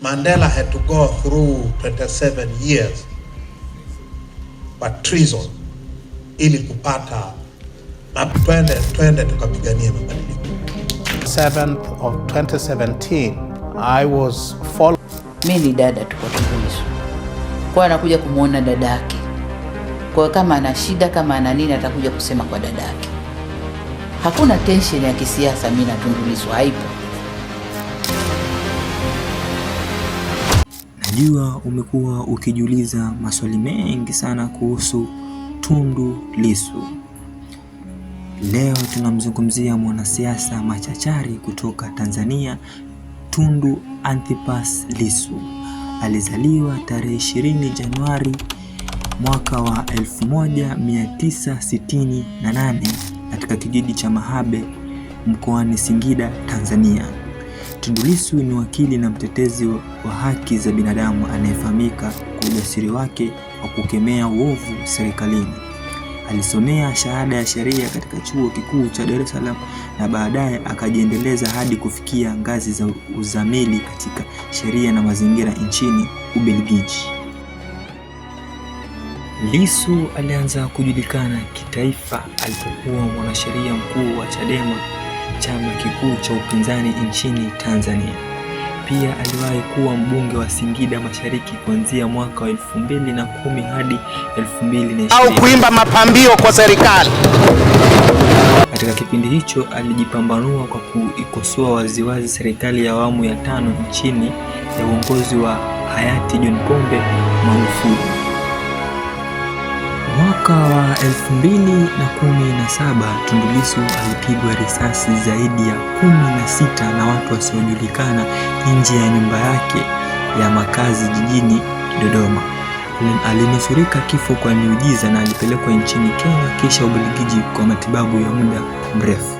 Mandela had to go through 27 years kwa treason ili kupata na twende twende tukapigania mabadiliko. 7th of 2017 I was follow mimi ni dada tuko Tundulisu, kwa anakuja kumwona dadake kwa kama ana shida kama ana nini atakuja kusema kwa dadake Hakuna tension ya kisiasa mimi na haipo. Najua umekuwa ukijiuliza maswali mengi sana kuhusu Tundu Lissu. Leo tunamzungumzia mwanasiasa machachari kutoka Tanzania, Tundu Antipas Lissu. Alizaliwa tarehe 20 Januari mwaka wa 1968 katika kijiji cha Mahabe mkoani Singida, Tanzania. Tundu Lissu ni wakili na mtetezi wa haki za binadamu anayefahamika kwa ujasiri wake wa kukemea uovu serikalini. Alisomea shahada ya sheria katika Chuo Kikuu cha Dar es Salaam na baadaye akajiendeleza hadi kufikia ngazi za uzamili katika sheria na mazingira nchini Ubelgiji. Lissu alianza kujulikana kitaifa alipokuwa mwanasheria mkuu wa Chadema chama kikuu cha upinzani nchini Tanzania. Pia aliwahi kuwa mbunge wa Singida Mashariki kuanzia mwaka wa 2010 hadi 2020. Au kuimba mapambio kwa serikali. Katika kipindi hicho alijipambanua kwa kuikosoa waziwazi serikali ya awamu ya tano nchini ya uongozi wa hayati John Pombe Magufuli. Mwaka wa 2017 Tundu Lissu alipigwa risasi zaidi ya 16 na watu wasiojulikana nje ya nyumba yake ya makazi jijini Dodoma. Alinusurika kifo kwa miujiza na alipelekwa nchini Kenya kisha Ubelgiji kwa matibabu ya muda mrefu.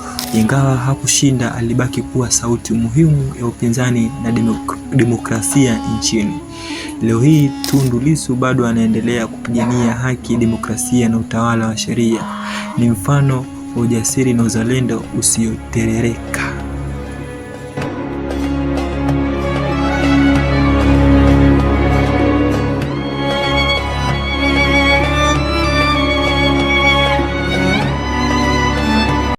Ingawa hakushinda, alibaki kuwa sauti muhimu ya upinzani na demok demokrasia nchini. Leo hii Tundu Lissu bado anaendelea kupigania haki, demokrasia na utawala wa sheria. Ni mfano wa ujasiri na uzalendo usioterereka.